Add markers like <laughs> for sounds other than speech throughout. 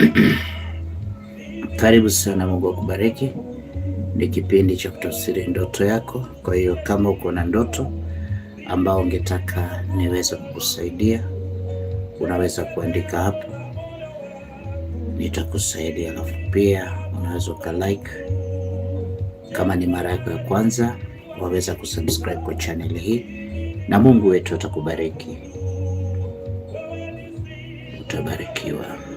<clears throat> Karibu sana, Mungu akubariki. Ni kipindi cha kutafsiri ndoto yako. Kwa hiyo kama uko na ndoto ambao ungetaka niweze kukusaidia, unaweza kuandika hapo, nitakusaidia. Alafu pia unaweza uka like. Kama ni mara yako ya kwanza, waweza kusubscribe kwa channel hii, na Mungu wetu atakubariki, utabarikiwa.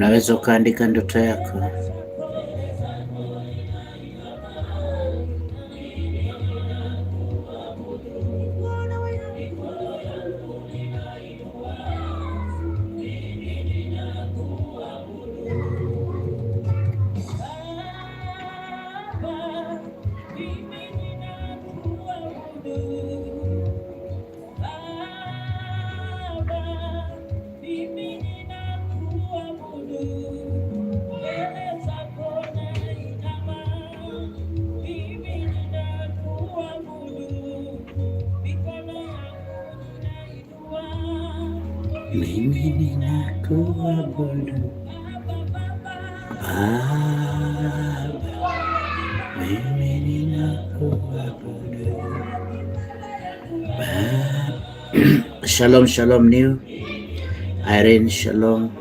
Unaweza ukaandika ndoto yako. Shalom, shalom, new Irene, shalom.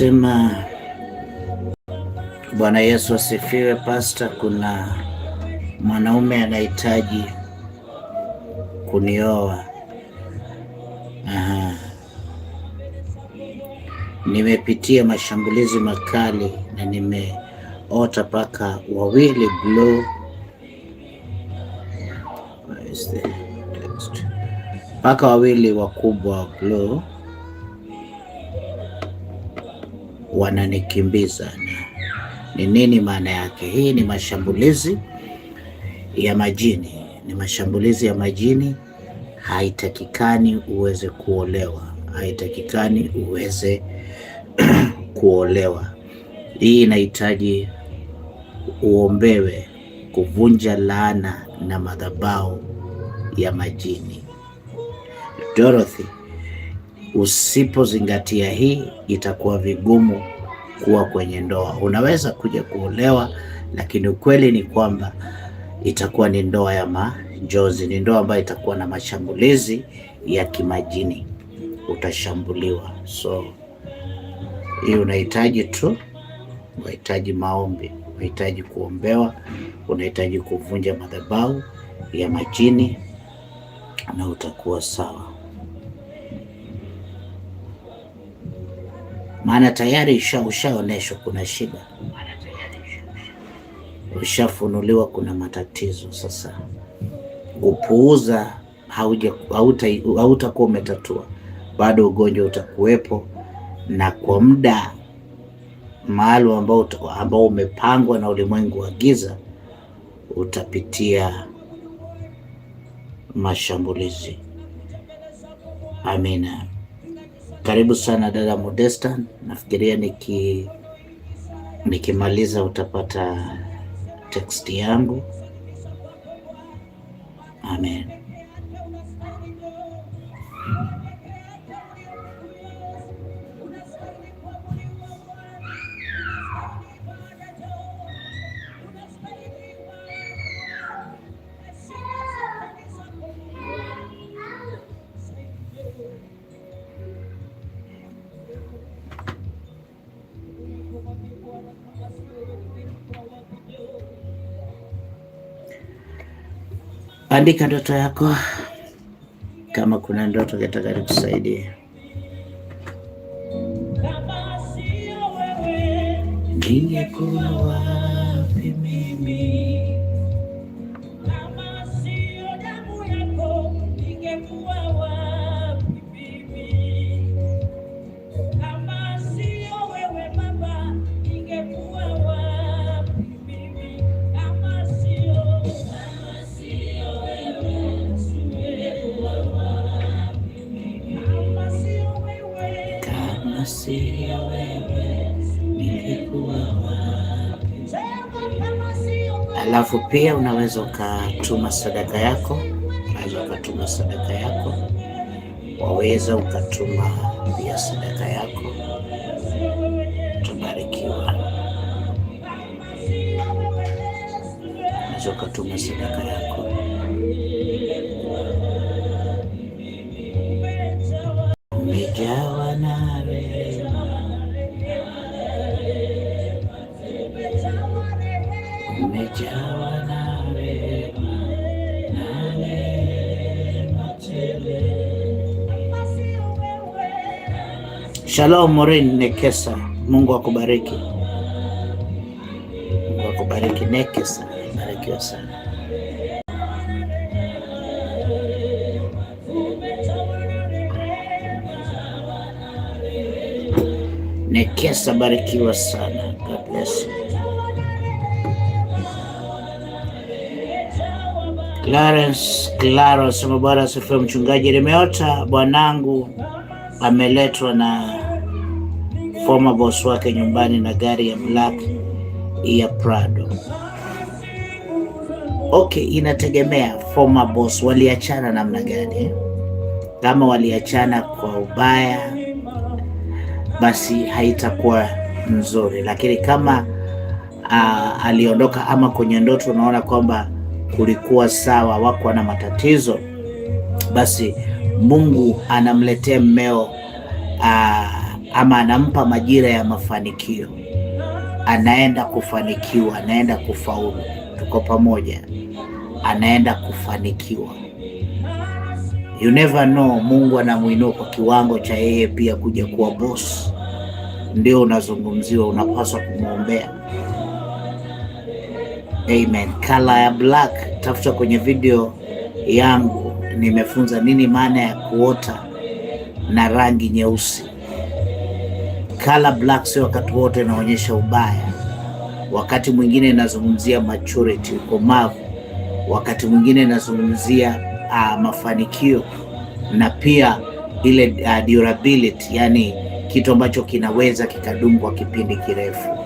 Nasema Bwana Yesu asifiwe. Pasta, kuna mwanaume anahitaji kunioa. Aha. Nimepitia mashambulizi makali na nimeota paka wawili bluu, paka wawili wakubwa bluu wananikimbiza Ni nini maana yake? Hii ni mashambulizi ya majini, ni mashambulizi ya majini. Haitakikani uweze kuolewa, haitakikani uweze <clears throat> kuolewa. Hii inahitaji uombewe kuvunja laana na madhabahu ya majini. Dorothy Usipozingatia hii, itakuwa vigumu kuwa kwenye ndoa. Unaweza kuja kuolewa, lakini ukweli ni kwamba itakuwa ni ndoa ya majozi ni ndoa ambayo itakuwa na mashambulizi ya kimajini, utashambuliwa. So hii unahitaji tu, unahitaji maombi, unahitaji kuombewa, unahitaji kuvunja madhabahu ya majini na utakuwa sawa. maana tayari isha ushaoneshwa kuna shida, ushafunuliwa kuna matatizo. Sasa kupuuza, hautakuwa umetatua, bado ugonjwa utakuwepo, na kwa muda maalum ambao, ambao umepangwa na ulimwengu wa giza utapitia mashambulizi. Amina. Karibu sana dada Modesta, nafikiria niki nikimaliza utapata teksti yangu. Amen. Andika ndoto yako, kama kuna ndoto yatakari kusaidia ningekuwa wapi mimi Alafu pia unaweza ukatuma sadaka yako, unaweza ukatuma sadaka yako, waweza ukatuma pia sadaka yako. Tubarikiwa, unaweza ukatuma sadaka yako. Shalom Maureen Nekesa, Mungu akubariki, Mungu akubariki Nekesa, barikiwa sana. Nekesa, barikiwa sana. Clarence Claro asema bwana asifiwe mchungaji. Limeota bwanangu ameletwa na former boss wake nyumbani na gari ya black ya Prado. Okay, inategemea former boss waliachana namna gani. Eh? Kama waliachana kwa ubaya, basi haitakuwa nzuri, lakini kama uh, aliondoka ama kwenye ndoto unaona kwamba kulikuwa sawa, wako na matatizo, basi Mungu anamletea mmeo ama anampa majira ya mafanikio, anaenda kufanikiwa, anaenda kufaulu. Tuko pamoja, anaenda kufanikiwa. You never know, Mungu anamuinua kwa kiwango cha yeye pia kuja kuwa boss. Ndio unazungumziwa, unapaswa kumwombea. Amen. Kala ya black, tafuta kwenye video yangu, nimefunza nini maana ya kuota na rangi nyeusi. Kala black sio wakati wote inaonyesha ubaya, wakati mwingine inazungumzia maturity, ukomavu, wakati mwingine inazungumzia uh, mafanikio na pia ile uh, durability, yani kitu ambacho kinaweza kikadumu kwa kipindi kirefu.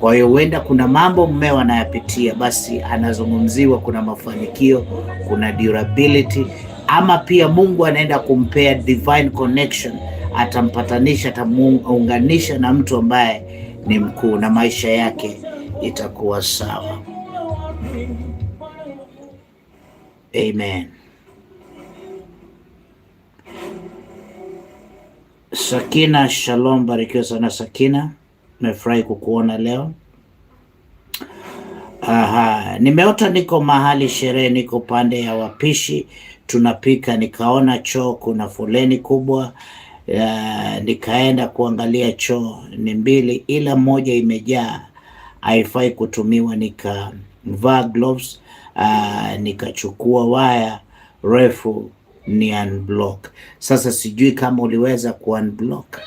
Kwa hiyo huenda kuna mambo mmeo anayapitia, basi anazungumziwa, kuna mafanikio, kuna durability, ama pia Mungu anaenda kumpea divine connection, atampatanisha, atamuunganisha na mtu ambaye ni mkuu na maisha yake itakuwa sawa. Amen. Sakina, shalom, barikiwa sana Sakina nimefurahi kukuona leo. Aha, nimeota niko mahali sherehe, niko pande ya wapishi tunapika, nikaona choo kuna foleni kubwa. Uh, nikaenda kuangalia choo ni mbili, ila moja imejaa haifai kutumiwa. Nikavaa gloves uh, nikachukua waya refu ni unblock. Sasa sijui kama uliweza ku unblock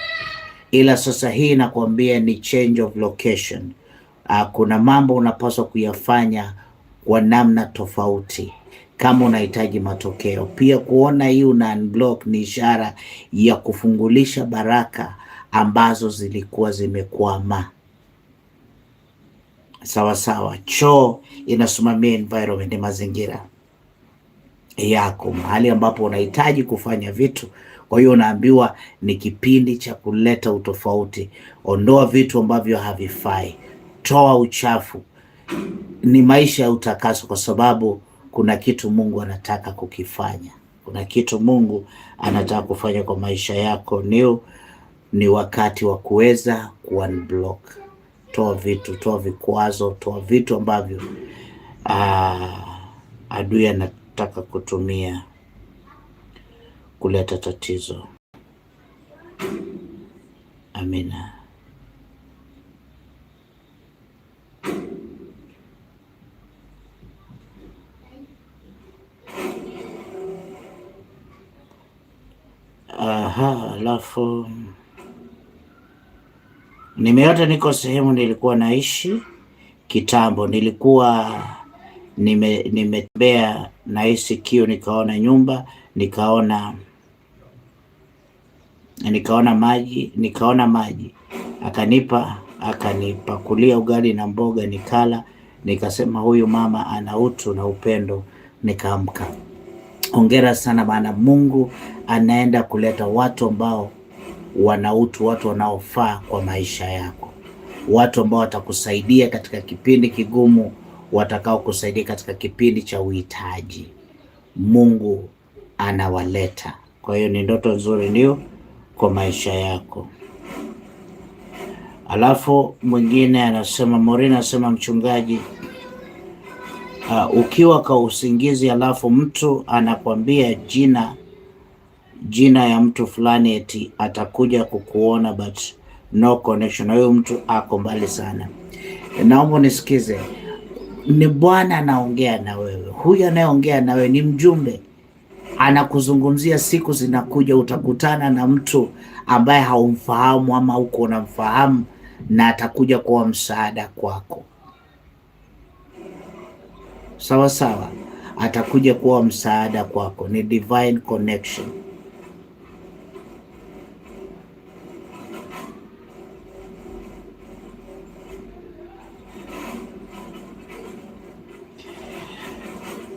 ila sasa hii nakuambia ni change of location. Uh, kuna mambo unapaswa kuyafanya kwa namna tofauti kama unahitaji matokeo. Pia kuona hii una unblock ni ishara ya kufungulisha baraka ambazo zilikuwa zimekwama. Sawa sawa, choo inasimamia environment, mazingira yako, mahali ambapo unahitaji kufanya vitu kwa hiyo unaambiwa ni kipindi cha kuleta utofauti. Ondoa vitu ambavyo havifai, toa uchafu. Ni maisha ya utakaso, kwa sababu kuna kitu Mungu anataka kukifanya, kuna kitu Mungu anataka kufanya kwa maisha yako. Ni, ni wakati wa kuweza kuunblock. Toa vitu, toa vikwazo, toa vitu ambavyo aa, ah, adui anataka kutumia kuleta tatizo. Amina. Aha, alafu nimeota niko sehemu nilikuwa naishi kitambo, nilikuwa nimetembea nime nahisi kiu, nikaona nyumba, nikaona nikaona maji, nikaona maji akanipa, akanipakulia ugali na mboga nikala, nikasema huyu mama ana utu na upendo, nikaamka. Hongera sana, maana Mungu anaenda kuleta watu ambao wana utu, watu wanaofaa kwa maisha yako, watu ambao watakusaidia katika kipindi kigumu, kusaidia katika kipindi cha uhitaji. Mungu anawaleta. Kwa hiyo ni ndoto nzuri, ndio kwa maisha yako. Alafu mwingine anasema, Morina anasema mchungaji, uh, ukiwa kwa usingizi alafu mtu anakwambia jina jina ya mtu fulani eti atakuja kukuona but no connection, na huyo mtu ako mbali sana. Naomba nisikize, ni Bwana anaongea na wewe. Huyu anayeongea na wewe ni mjumbe anakuzungumzia siku zinakuja, utakutana na mtu ambaye haumfahamu ama huko unamfahamu, na atakuja kuwa msaada kwako. Sawa sawa, atakuja kuwa msaada kwako, ni divine connection.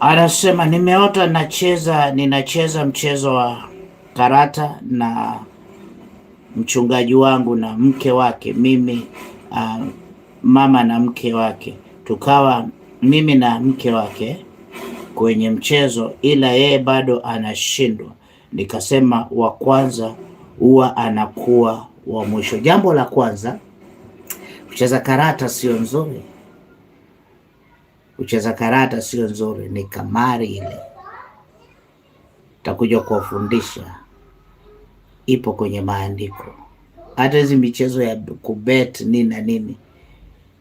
Anasema nimeota nacheza, ninacheza mchezo wa karata na mchungaji wangu na mke wake, mimi uh, mama na mke wake, tukawa mimi na mke wake kwenye mchezo, ila yeye bado anashindwa. Nikasema wa kwanza huwa anakuwa wa mwisho. Jambo la kwanza, kucheza karata sio nzuri. Kucheza karata sio nzuri, ni kamari ile. Takuja kuwafundisha, ipo kwenye maandiko. Hata hizi michezo ya kubet nini na nini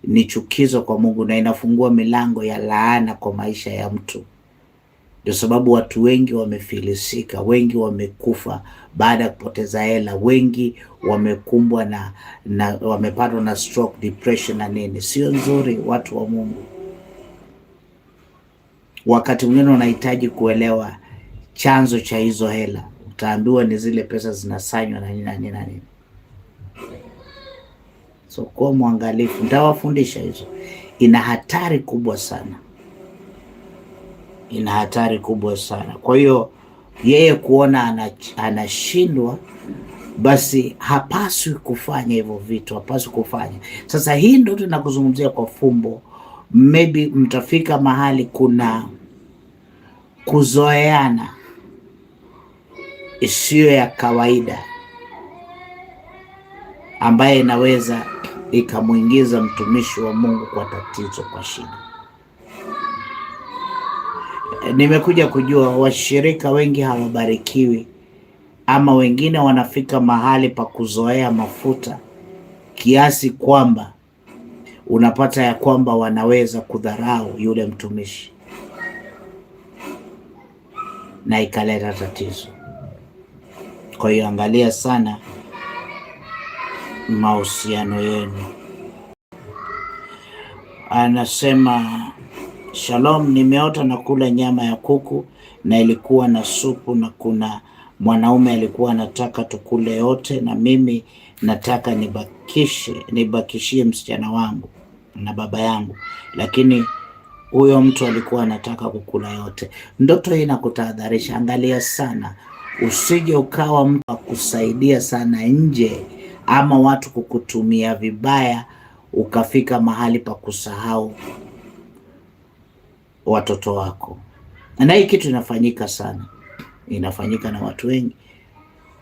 ni chukizo kwa Mungu na inafungua milango ya laana kwa maisha ya mtu. Ndio sababu watu wengi wamefilisika, wengi wamekufa baada ya kupoteza hela, wengi wamekumbwa na, na wamepatwa na stroke, depression na nini. Sio nzuri, watu wa Mungu wakati mwingine unahitaji kuelewa chanzo cha hizo hela, utaambiwa ni zile pesa zinasanywa na nini na nini na nini. So kuwa mwangalifu, nitawafundisha hizo. Ina hatari kubwa sana, ina hatari kubwa sana. Kwa hiyo yeye kuona anashindwa, basi hapaswi kufanya hivyo vitu, hapaswi kufanya. Sasa hii ndio tunakuzungumzia kwa fumbo maybe mtafika mahali kuna kuzoeana isiyo ya kawaida ambaye inaweza ikamwingiza mtumishi wa Mungu kwa tatizo, kwa shida. Nimekuja kujua washirika wengi hawabarikiwi, ama wengine wanafika mahali pa kuzoea mafuta kiasi kwamba unapata ya kwamba wanaweza kudharau yule mtumishi na ikaleta tatizo. Kwa hiyo angalia sana mahusiano yenu. Anasema Shalom, nimeota na kula nyama ya kuku na ilikuwa na supu, na kuna mwanaume alikuwa anataka tukule yote, na mimi nataka nibakishe nibakishie msichana wangu na baba yangu, lakini huyo mtu alikuwa anataka kukula yote. Ndoto hii nakutahadharisha, angalia sana, usije ukawa mtu wa kusaidia sana nje ama watu kukutumia vibaya, ukafika mahali pa kusahau watoto wako. Na hii kitu inafanyika sana, inafanyika na watu wengi.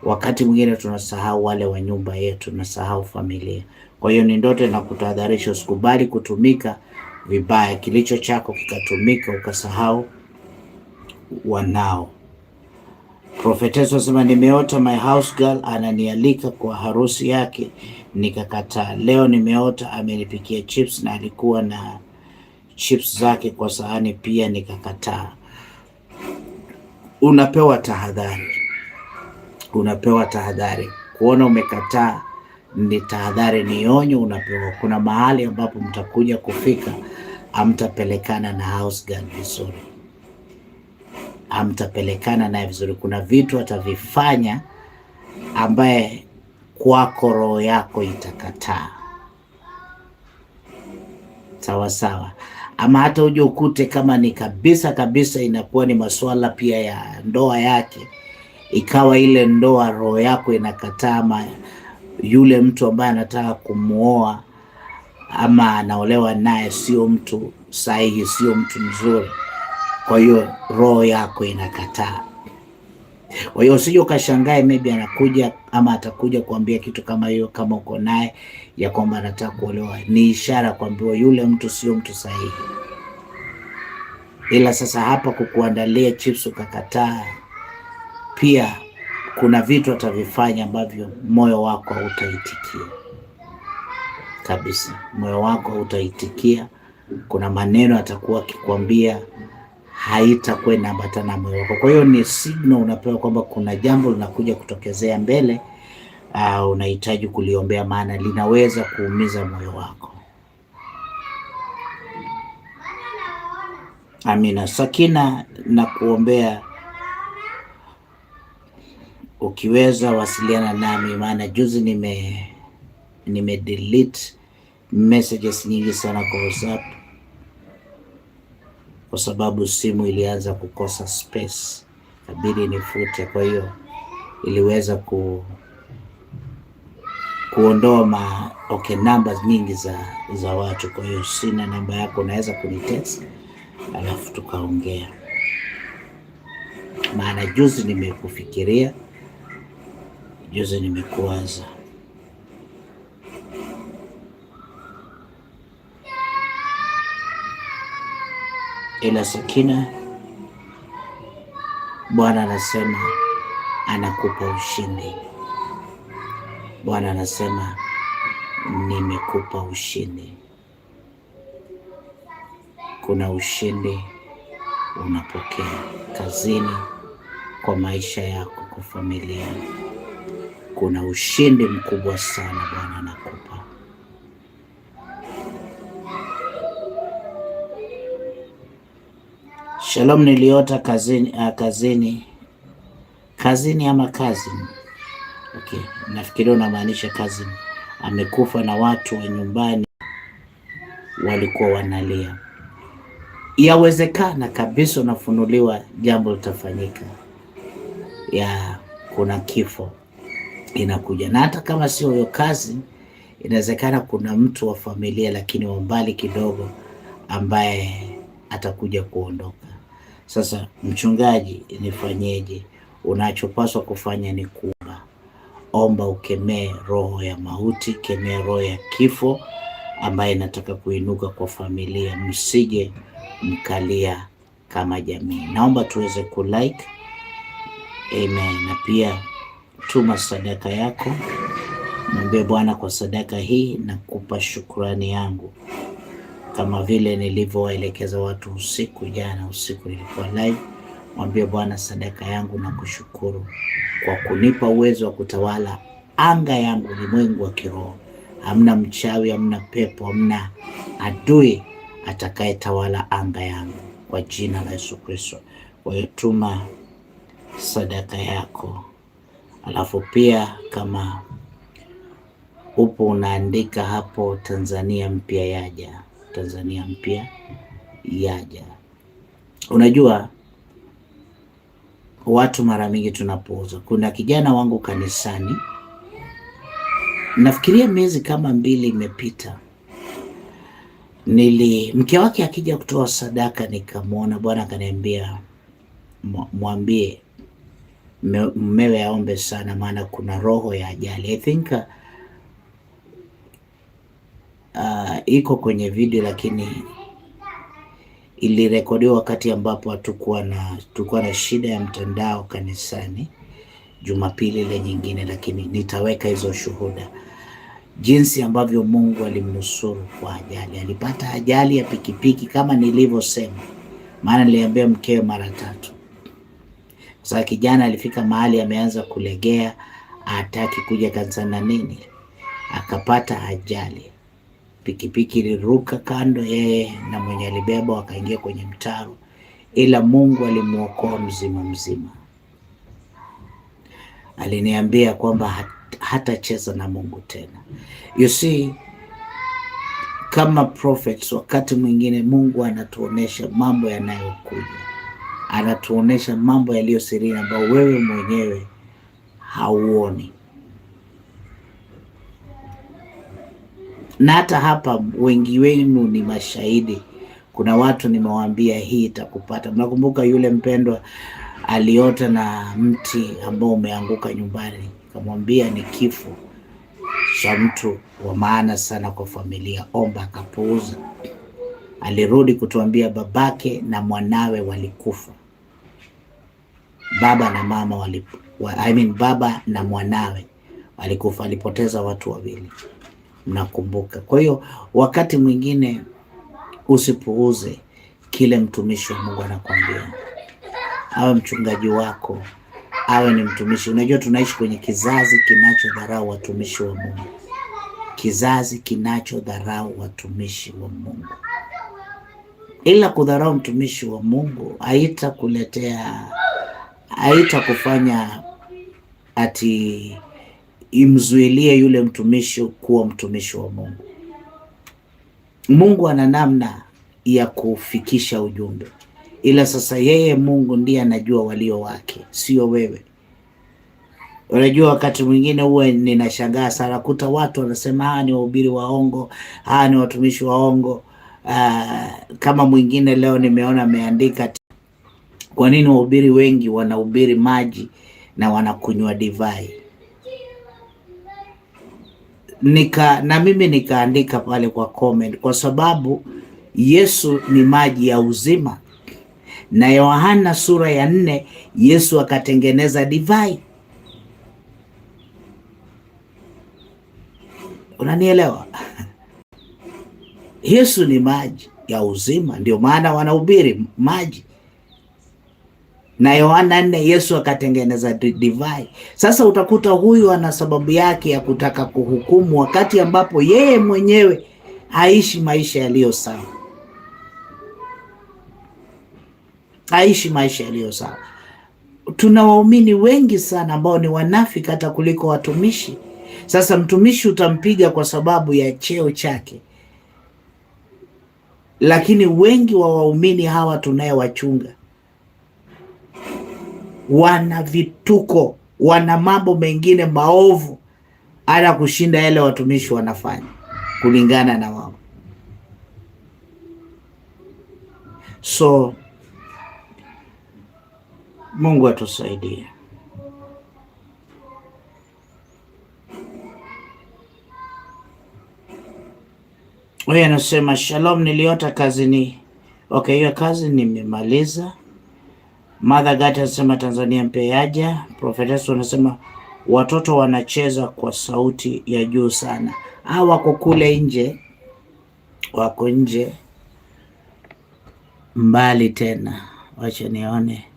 Wakati mwingine tunasahau wale wa nyumba yetu, tunasahau familia. Kwa hiyo ni ndoto na kutahadharisha, usikubali kutumika vibaya, kilicho chako kikatumika ukasahau wanao. Profetesa anasema nimeota my house girl ananialika kwa harusi yake nikakataa. Leo nimeota amenipikia chips na alikuwa na chips zake kwa sahani pia nikakataa. Unapewa tahadhari, unapewa tahadhari. Kuona umekataa ni tahadhari, ni onyo unapewa. Kuna mahali ambapo mtakuja kufika, amtapelekana na house guard vizuri, amtapelekana naye vizuri. Kuna vitu atavifanya ambaye kwako roho yako itakataa, sawa sawa ama hata uje ukute kama ni kabisa kabisa, inakuwa ni masuala pia ya ndoa yake, ikawa ile ndoa roho yako inakataa, ama yule mtu ambaye anataka kumwoa ama anaolewa naye sio mtu sahihi, sio mtu mzuri. Kwa hiyo roho yako inakataa. Kwa hiyo usije ukashangae, maybe anakuja ama atakuja kuambia kitu kama hiyo, kama uko naye ya kwamba anataka kuolewa, ni ishara kwambiwa yule mtu sio mtu sahihi. Ila sasa hapa kukuandalia chips ukakataa pia kuna vitu atavifanya ambavyo moyo wako hautaitikia kabisa, moyo wako hautaitikia. Kuna maneno atakuwa akikwambia haitakuwa inaambatana na moyo wako. Kwa hiyo ni signal unapewa kwamba kuna jambo linakuja kutokezea mbele, uh, unahitaji kuliombea, maana linaweza kuumiza moyo wako. Amina. Sakina, na kuombea ukiweza wasiliana nami, maana juzi nime nime delete messages nyingi sana kwa WhatsApp kwa sababu simu ilianza kukosa space, kabidi nifute. Kwa hiyo iliweza ku kuondoa ma okay, numbers nyingi za za watu. Kwa hiyo sina namba yako, unaweza kunitext alafu tukaongea, maana juzi nimekufikiria Juzi nimekuwaza ila Sakina, Bwana anasema anakupa ushindi. Bwana anasema nimekupa ushindi. Kuna ushindi unapokea kazini, kwa maisha yako, kwa familia kuna ushindi mkubwa sana Bwana anakupa. Shalom niliota kazini, uh, kazini kazini ama kazi okay. Nafikiri unamaanisha kazi. Amekufa na watu wa nyumbani walikuwa wanalia. Yawezekana kabisa unafunuliwa jambo litafanyika, ya kuna kifo inakuja, na hata kama sio hiyo kazi, inawezekana kuna mtu wa familia, lakini wa mbali kidogo, ambaye atakuja kuondoka. Sasa mchungaji, nifanyeje? Unachopaswa kufanya ni kuomba. Omba, ukemee roho ya mauti, kemee roho ya kifo ambaye inataka kuinuka kwa familia. Msije mkalia kama jamii. Naomba tuweze kulike. Amen. Na pia tuma sadaka yako, mwambie Bwana, kwa sadaka hii nakupa shukrani yangu, kama vile nilivyowaelekeza watu usiku jana. Usiku nilikuwa live, mwambie Bwana, sadaka yangu nakushukuru kwa kunipa uwezo wa kutawala anga yangu, ulimwengu wa kiroho. Hamna mchawi, hamna pepo, hamna adui atakayetawala anga yangu kwa jina la Yesu Kristo. Kwa hiyo tuma sadaka yako Alafu pia kama upo unaandika hapo Tanzania mpya yaja, Tanzania mpya yaja. Unajua watu mara mingi tunapouza, kuna kijana wangu kanisani, nafikiria miezi kama mbili imepita nili mke wake akija kutoa sadaka, nikamwona bwana, akaniambia mwambie mmewe aombe sana, maana kuna roho ya ajali. I think uh, uh, iko kwenye video lakini ilirekodiwa wakati ambapo hatukuwa na tukuwa na shida ya mtandao kanisani Jumapili ile nyingine, lakini nitaweka hizo shuhuda jinsi ambavyo Mungu alimnusuru kwa ajali. Alipata ajali ya pikipiki kama nilivyosema, maana niliambia mkewe mara tatu kwa kijana alifika mahali ameanza kulegea, hataki kuja kanisani na nini, akapata ajali, pikipiki iliruka kando, yeye na mwenye alibeba wakaingia kwenye mtaro, ila Mungu alimwokoa mzima mzima. Aliniambia kwamba hatacheza na Mungu tena. You see, kama prophets, wakati mwingine Mungu anatuonesha mambo yanayokuja anatuonesha mambo yaliyo sirini ambayo wewe mwenyewe hauoni. Na hata hapa wengi wenu ni mashahidi. Kuna watu nimewaambia hii itakupata. Mnakumbuka yule mpendwa aliota na mti ambao umeanguka nyumbani, kamwambia ni kifo cha mtu wa maana sana kwa familia. Omba akapuuza, alirudi kutuambia babake na mwanawe walikufa baba na mama wali, wa, I mean, baba na mwanawe alikufa, alipoteza watu wawili, mnakumbuka. Kwa hiyo wakati mwingine usipuuze kile mtumishi wa Mungu anakwambia, awe mchungaji wako, awe ni mtumishi. Unajua tunaishi kwenye kizazi kinachodharau watumishi wa Mungu, kizazi kinachodharau watumishi wa Mungu. Ila kudharau mtumishi wa Mungu haitakuletea haitakufanya ati imzuilie yule mtumishi kuwa mtumishi wa Mungu. Mungu ana namna ya kufikisha ujumbe, ila sasa yeye Mungu ndiye anajua walio wake, sio wewe. Unajua, wakati mwingine huwa ninashangaa sana kuta watu wanasema haa ni wahubiri waongo, haa ni watumishi waongo. Uh, ah, kama mwingine leo nimeona ameandika kwa nini wahubiri wengi wanahubiri maji na wanakunywa divai? Nika na mimi nikaandika pale kwa comment, kwa sababu Yesu ni maji ya uzima, na Yohana sura ya nne Yesu akatengeneza divai. Unanielewa? <laughs> Yesu ni maji ya uzima, ndio maana wanahubiri maji na Yohana nne Yesu akatengeneza divai. Sasa utakuta huyu ana sababu yake ya kutaka kuhukumu, wakati ambapo yeye mwenyewe haishi maisha yaliyo sawa, haishi maisha yaliyo sawa. Tuna waumini wengi sana ambao ni wanafiki hata kuliko watumishi. Sasa mtumishi utampiga kwa sababu ya cheo chake, lakini wengi wa waumini hawa tunayewachunga wana vituko, wana mambo mengine maovu hata kushinda yale watumishi wanafanya kulingana na wao. So Mungu atusaidie. Huyu anasema shalom, niliota kazini. Okay, hiyo kazi nimemaliza. Mother Gata anasema Tanzania mpya yaja. Profesa anasema watoto wanacheza kwa sauti ya juu sana. Hawa wako kule nje, wako nje mbali tena, wacha nione